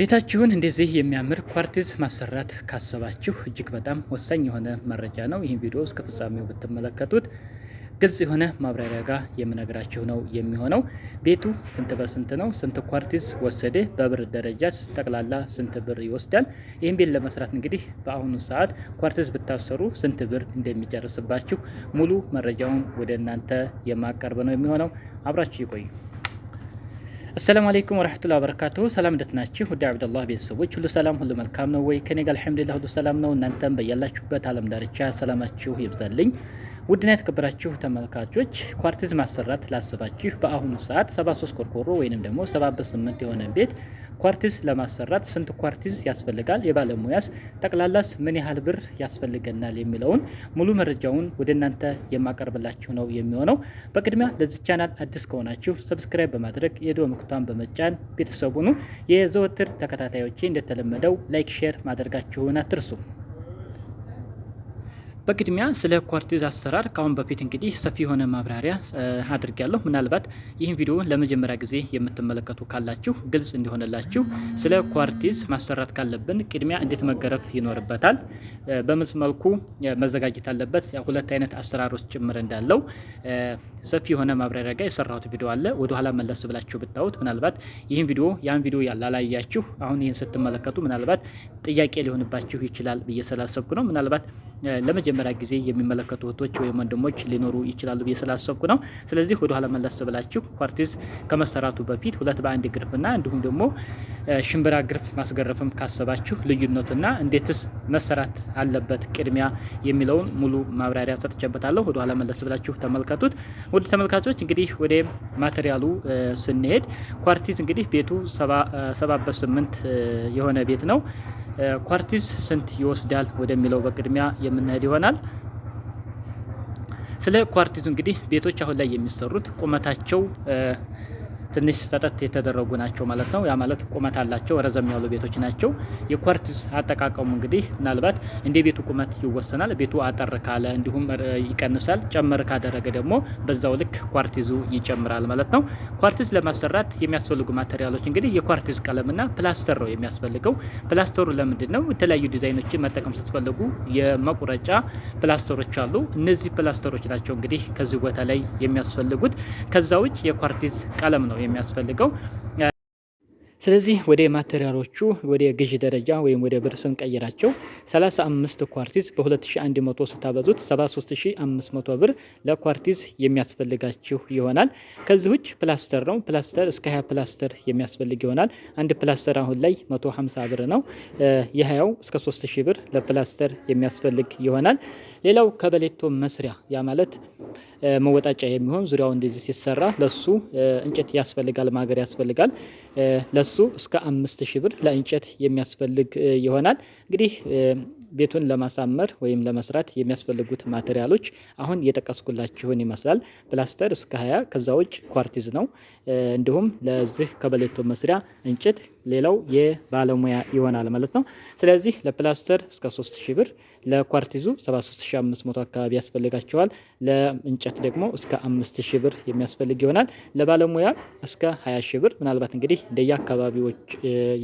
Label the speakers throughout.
Speaker 1: ቤታችሁን እንደዚህ የሚያምር ኳርቲዝ ማሰራት ካሰባችሁ እጅግ በጣም ወሳኝ የሆነ መረጃ ነው። ይህን ቪዲዮ እስከ ፍጻሜው ብትመለከቱት ግልጽ የሆነ ማብራሪያ ጋር የምነግራችሁ ነው የሚሆነው። ቤቱ ስንት በስንት ነው? ስንት ኳርቲዝ ወሰደ? በብር ደረጃ ጠቅላላ ስንት ብር ይወስዳል? ይህን ቤት ለመስራት እንግዲህ በአሁኑ ሰዓት ኳርቲዝ ብታሰሩ ስንት ብር እንደሚጨርስባችሁ ሙሉ መረጃውን ወደ እናንተ የማቀርብ ነው የሚሆነው። አብራችሁ ይቆዩ። አሰላሙ አለይኩም ወረህመቱላሂ ወበረካቱ። ሰላም እንደት ናችሁ? ወደ አብደላህ ቤተሰቦች ሁሉ ሰላም ሁሉ መልካም ነው ወይ? ከኔ ጋር አልሐምዱሊላህ ሁሉ ሰላም ነው። እናንተም በያላችሁበት አለም ዳርቻ ሰላማችሁ ይብዛልኝ። ውድና የተከበራችሁ ተመልካቾች ኳርቲዝ ማሰራት ላስባችሁ በአሁኑ ሰዓት 73 ቆርቆሮ ወይንም ደግሞ 78 የሆነ ቤት ኳርቲዝ ለማሰራት ስንት ኳርቲዝ ያስፈልጋል፣ የባለሙያስ ጠቅላላስ ምን ያህል ብር ያስፈልገናል የሚለውን ሙሉ መረጃውን ወደ እናንተ የማቀርብላችሁ ነው የሚሆነው። በቅድሚያ ለዚህ ቻናል አዲስ ከሆናችሁ ሰብስክራይብ በማድረግ የዶ ምክቷን በመጫን ቤተሰቡኑ የዘወትር ተከታታዮቼ እንደተለመደው ላይክ፣ ሼር ማድረጋችሁን አትርሱ። በቅድሚያ ስለ ኳርቲዝ አሰራር ከአሁን በፊት እንግዲህ ሰፊ የሆነ ማብራሪያ አድርጊያለሁ። ምናልባት ይህን ቪዲዮ ለመጀመሪያ ጊዜ የምትመለከቱ ካላችሁ ግልጽ እንዲሆነላችሁ ስለ ኳርቲዝ ማሰራት ካለብን ቅድሚያ እንዴት መገረፍ ይኖርበታል፣ በምን መልኩ መዘጋጀት አለበት፣ ሁለት አይነት አሰራሮች ጭምር እንዳለው ሰፊ የሆነ ማብራሪያ ጋር የሰራሁት ቪዲዮ አለ። ወደ ኋላ መለስ ብላችሁ ብታዩት ምናልባት ይህን ቪዲዮ ያን ቪዲዮ ያላላያችሁ አሁን ይህን ስትመለከቱ ምናልባት ጥያቄ ሊሆንባችሁ ይችላል ብዬ ስላሰብኩ ነው። ምናልባት ለመጀመሪያ ጊዜ የሚመለከቱ እህቶች ወይም ወንድሞች ሊኖሩ ይችላሉ ብዬ ስላሰብኩ ነው። ስለዚህ ወደ ኋላ መለስ ብላችሁ ኳርቲዝ ከመሰራቱ በፊት ሁለት በአንድ ግርፍና እንዲሁም ደግሞ ሽምብራ ግርፍ ማስገረፍም ካሰባችሁ ልዩነቱና እንዴትስ መሰራት አለበት ቅድሚያ የሚለውን ሙሉ ማብራሪያ ሰጥቼበታለሁ። ወደኋላ መለስ ብላችሁ ተመልከቱት። ውድ ተመልካቾች እንግዲህ ወደ ማቴሪያሉ ስንሄድ ኳርቲዝ እንግዲህ ቤቱ ሰባ በስምንት የሆነ ቤት ነው። ኳርቲዝ ስንት ይወስዳል ወደሚለው በቅድሚያ የምንሄድ ይሆናል። ስለ ኳርቲዙ እንግዲህ ቤቶች አሁን ላይ የሚሰሩት ቁመታቸው ትንሽ ሰጠት የተደረጉ ናቸው ማለት ነው። ያ ማለት ቁመት አላቸው፣ ረዘም ያሉ ቤቶች ናቸው። የኳርቲዝ አጠቃቀሙ እንግዲህ ምናልባት እንደ ቤቱ ቁመት ይወሰናል። ቤቱ አጠር ካለ እንዲሁም ይቀንሳል። ጨመር ካደረገ ደግሞ በዛው ልክ ኳርቲዙ ይጨምራል ማለት ነው። ኳርቲዝ ለማሰራት የሚያስፈልጉ ማቴሪያሎች እንግዲህ የኳርቲዝ ቀለምና ፕላስተር ነው የሚያስፈልገው። ፕላስተሩ ለምንድን ነው? የተለያዩ ዲዛይኖችን መጠቀም ስትፈልጉ የመቁረጫ ፕላስተሮች አሉ። እነዚህ ፕላስተሮች ናቸው እንግዲህ ከዚህ ቦታ ላይ የሚያስፈልጉት። ከዛ ውጭ የኳርቲዝ ቀለም ነው የሚያስፈልገው። ስለዚህ ወደ ማቴሪያሎቹ ወደ ግዥ ደረጃ ወይም ወደ ብር ስንቀይራቸው 35 ኳርቲዝ በ2100 ስታበዙት 73500 ብር ለኳርቲዝ የሚያስፈልጋችሁ ይሆናል። ከዚህ ውጭ ፕላስተር ነው። ፕላስተር እስከ 20 ፕላስተር የሚያስፈልግ ይሆናል። አንድ ፕላስተር አሁን ላይ 150 ብር ነው። የ20ው እስከ 3000 ብር ለፕላስተር የሚያስፈልግ ይሆናል። ሌላው ከበሌቶ መስሪያ ያ ማለት መወጣጫ የሚሆን ዙሪያው እንደዚህ ሲሰራ ለሱ እንጨት ያስፈልጋል፣ ማገር ያስፈልጋል። ለሱ እስከ አምስት ሺህ ብር ለእንጨት የሚያስፈልግ ይሆናል እንግዲህ ቤቱን ለማሳመር ወይም ለመስራት የሚያስፈልጉት ማቴሪያሎች አሁን የጠቀስኩላችሁን ይመስላል። ፕላስተር እስከ 20 ከዛ ውጭ ኳርቲዝ ነው። እንዲሁም ለዚህ ከበሌቶ መስሪያ እንጨት ሌላው የባለሙያ ይሆናል ማለት ነው። ስለዚህ ለፕላስተር እስከ 3000 ብር፣ ለኳርቲዙ 73500 አካባቢ ያስፈልጋቸዋል። ለእንጨት ደግሞ እስከ 5000 ብር የሚያስፈልግ ይሆናል። ለባለሙያ እስከ 20 ብር ምናልባት እንግዲህ እንደየ አካባቢዎች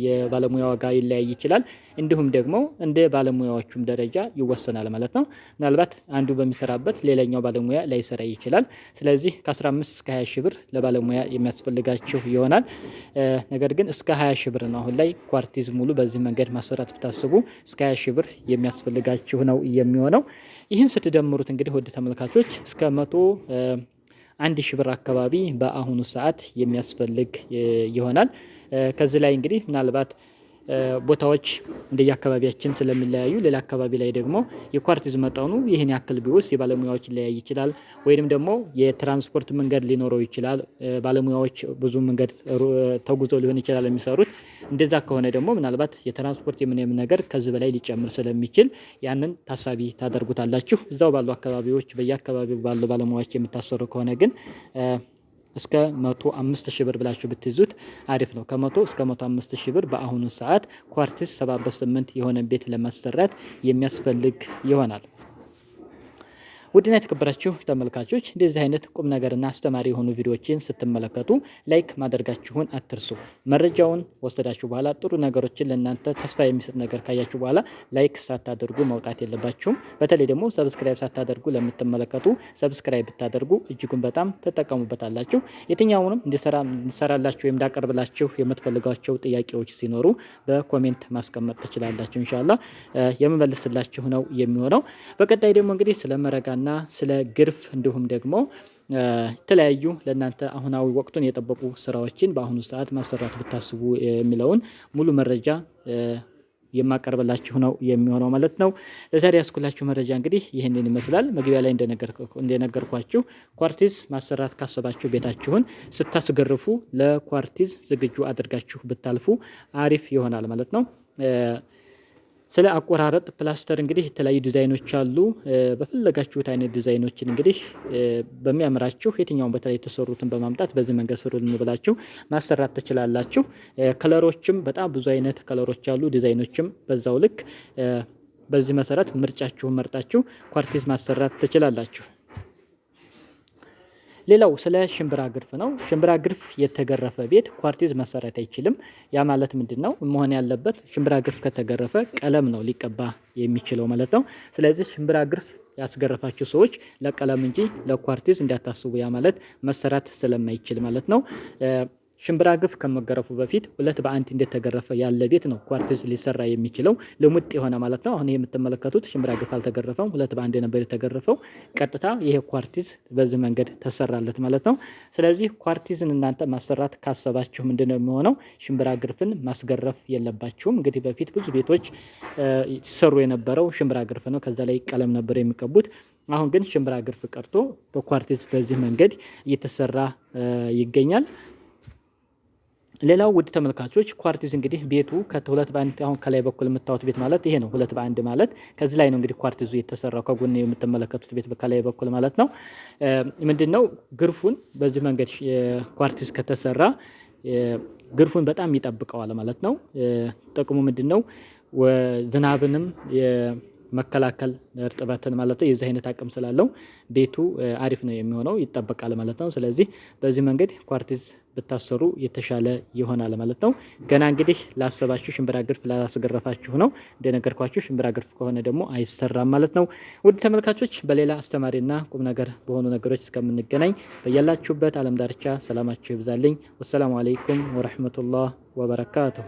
Speaker 1: የባለሙያ ዋጋ ሊለያይ ይችላል። እንዲሁም ደግሞ እንደ ባለሙያ በባለሙያዎቹም ደረጃ ይወሰናል ማለት ነው። ምናልባት አንዱ በሚሰራበት ሌላኛው ባለሙያ ላይሰራ ይችላል። ስለዚህ ከ15 እስከ 20 ሺህ ብር ለባለሙያ የሚያስፈልጋችሁ ይሆናል። ነገር ግን እስከ 20 ሺህ ብር ነው አሁን ላይ ኳርቲዝ ሙሉ በዚህ መንገድ ማሰራት ብታስቡ እስከ 20 ሺህ ብር የሚያስፈልጋችሁ ነው የሚሆነው። ይህን ስትደምሩት እንግዲህ ወደ ተመልካቾች እስከ መቶ አንድ ሺህ ብር አካባቢ በአሁኑ ሰዓት የሚያስፈልግ ይሆናል። ከዚህ ላይ እንግዲህ ምናልባት ቦታዎች እንደየአካባቢያችን ስለሚለያዩ ሌላ አካባቢ ላይ ደግሞ የኳርቲዝ መጠኑ ይህን ያክል ቢውስ የባለሙያዎች ሊለያይ ይችላል። ወይንም ደግሞ የትራንስፖርት መንገድ ሊኖረው ይችላል። ባለሙያዎች ብዙ መንገድ ተጉዞ ሊሆን ይችላል የሚሰሩት እንደዛ ከሆነ ደግሞ ምናልባት የትራንስፖርት የምንም ነገር ከዚህ በላይ ሊጨምር ስለሚችል ያንን ታሳቢ ታደርጉታላችሁ። እዛው ባሉ አካባቢዎች በየአካባቢው ባሉ ባለሙያዎች የምታሰሩ ከሆነ ግን እስከ 105000 ብር ብላችሁ ብትይዙት አሪፍ ነው። ከ100 እስከ 105000 ብር በአሁኑ ሰዓት ኳርቲስ 78 የሆነ ቤት ለማሰራት የሚያስፈልግ ይሆናል። ውድና የተከበራችሁ ተመልካቾች እንደዚህ አይነት ቁም ነገርና አስተማሪ የሆኑ ቪዲዮዎችን ስትመለከቱ ላይክ ማድረጋችሁን አትርሱ። መረጃውን ወሰዳችሁ በኋላ ጥሩ ነገሮችን ለእናንተ ተስፋ የሚሰጥ ነገር ካያችሁ በኋላ ላይክ ሳታደርጉ መውጣት የለባችሁም። በተለይ ደግሞ ሰብስክራይብ ሳታደርጉ ለምትመለከቱ ሰብስክራይብ ብታደርጉ እጅጉን በጣም ትጠቀሙበታላችሁ። የትኛውንም እንዲሰራላችሁ ወይም እንዳቀርብላችሁ የምትፈልጓቸው ጥያቄዎች ሲኖሩ በኮሜንት ማስቀመጥ ትችላላችሁ። እንሻላ የምመልስላችሁ ነው የሚሆነው። በቀጣይ ደግሞ እንግዲህ ስለመረጋ እና ስለ ግርፍ እንዲሁም ደግሞ የተለያዩ ለእናንተ አሁናዊ ወቅቱን የጠበቁ ስራዎችን በአሁኑ ሰዓት ማሰራት ብታስቡ የሚለውን ሙሉ መረጃ የማቀርብላችሁ ነው የሚሆነው ማለት ነው። ለዛሬ ያስኩላችሁ መረጃ እንግዲህ ይህንን ይመስላል። መግቢያ ላይ እንደነገርኳችሁ ኳርቲዝ ማሰራት ካሰባችሁ ቤታችሁን ስታስገርፉ ለኳርቲዝ ዝግጁ አድርጋችሁ ብታልፉ አሪፍ ይሆናል ማለት ነው። ስለ አቆራረጥ ፕላስተር እንግዲህ የተለያዩ ዲዛይኖች አሉ። በፈለጋችሁት አይነት ዲዛይኖችን እንግዲህ በሚያምራችሁ የትኛውን በተለይ የተሰሩትን በማምጣት በዚህ መንገድ ስሩ ልንብላችሁ ማሰራት ትችላላችሁ። ከለሮችም በጣም ብዙ አይነት ከለሮች አሉ። ዲዛይኖችም በዛው ልክ በዚህ መሰረት ምርጫችሁን መርጣችሁ ኳርቲዝ ማሰራት ትችላላችሁ። ሌላው ስለ ሽምብራ ግርፍ ነው። ሽምብራ ግርፍ የተገረፈ ቤት ኳርቲዝ መሰረት አይችልም። ያ ማለት ምንድን ነው መሆን ያለበት? ሽምብራ ግርፍ ከተገረፈ ቀለም ነው ሊቀባ የሚችለው ማለት ነው። ስለዚህ ሽምብራ ግርፍ ያስገረፋችሁ ሰዎች ለቀለም እንጂ ለኳርቲዝ እንዳታስቡ። ያ ማለት መሰራት ስለማይችል ማለት ነው። ሽምብራ ግፍ ከመገረፉ በፊት ሁለት በአንድ እንደተገረፈ ያለ ቤት ነው ኳርቲዝ ሊሰራ የሚችለው ልሙጥ የሆነ ማለት ነው። አሁን የምትመለከቱት ሽምብራ ግፍ አልተገረፈም፣ ሁለት በአንድ ነበር የተገረፈው። ቀጥታ ይሄ ኳርቲዝ በዚህ መንገድ ተሰራለት ማለት ነው። ስለዚህ ኳርቲዝን እናንተ ማሰራት ካሰባችሁ ምንድን ነው የሚሆነው? ሽምብራ ግርፍን ማስገረፍ የለባችሁም። እንግዲህ በፊት ብዙ ቤቶች ሲሰሩ የነበረው ሽምብራ ግርፍ ነው። ከዛ ላይ ቀለም ነበር የሚቀቡት። አሁን ግን ሽምብራ ግርፍ ቀርቶ በኳርቲዝ በዚህ መንገድ እየተሰራ ይገኛል። ሌላው ውድ ተመልካቾች ኳርቲዝ እንግዲህ ቤቱ ከሁለት በአንድ አሁን ከላይ በኩል የምታዩት ቤት ማለት ይሄ ነው። ሁለት በአንድ ማለት ከዚህ ላይ ነው እንግዲህ ኳርቲዙ የተሰራው ከጎን የምትመለከቱት ቤት ከላይ በኩል ማለት ነው። ምንድን ነው ግርፉን በዚህ መንገድ ኳርቲዝ ከተሰራ ግርፉን በጣም ይጠብቀዋል ማለት ነው። ጥቅሙ ምንድን ነው? ዝናብንም መከላከል እርጥበትን ማለት ነው። የዚህ አይነት አቅም ስላለው ቤቱ አሪፍ ነው የሚሆነው ይጠበቃል ማለት ነው። ስለዚህ በዚህ መንገድ ኳርቲዝ ብታሰሩ የተሻለ ይሆናል ማለት ነው። ገና እንግዲህ ላሰባችሁ ሽምብራ ግርፍ ላስገረፋችሁ ነው እንደነገርኳችሁ። ሽምብራ ግርፍ ከሆነ ደግሞ አይሰራም ማለት ነው። ውድ ተመልካቾች በሌላ አስተማሪና ቁም ነገር በሆኑ ነገሮች እስከምንገናኝ በያላችሁበት ዓለም ዳርቻ ሰላማችሁ ይብዛልኝ። ወሰላሙ አለይኩም ወረህመቱላህ ወበረካቱሁ።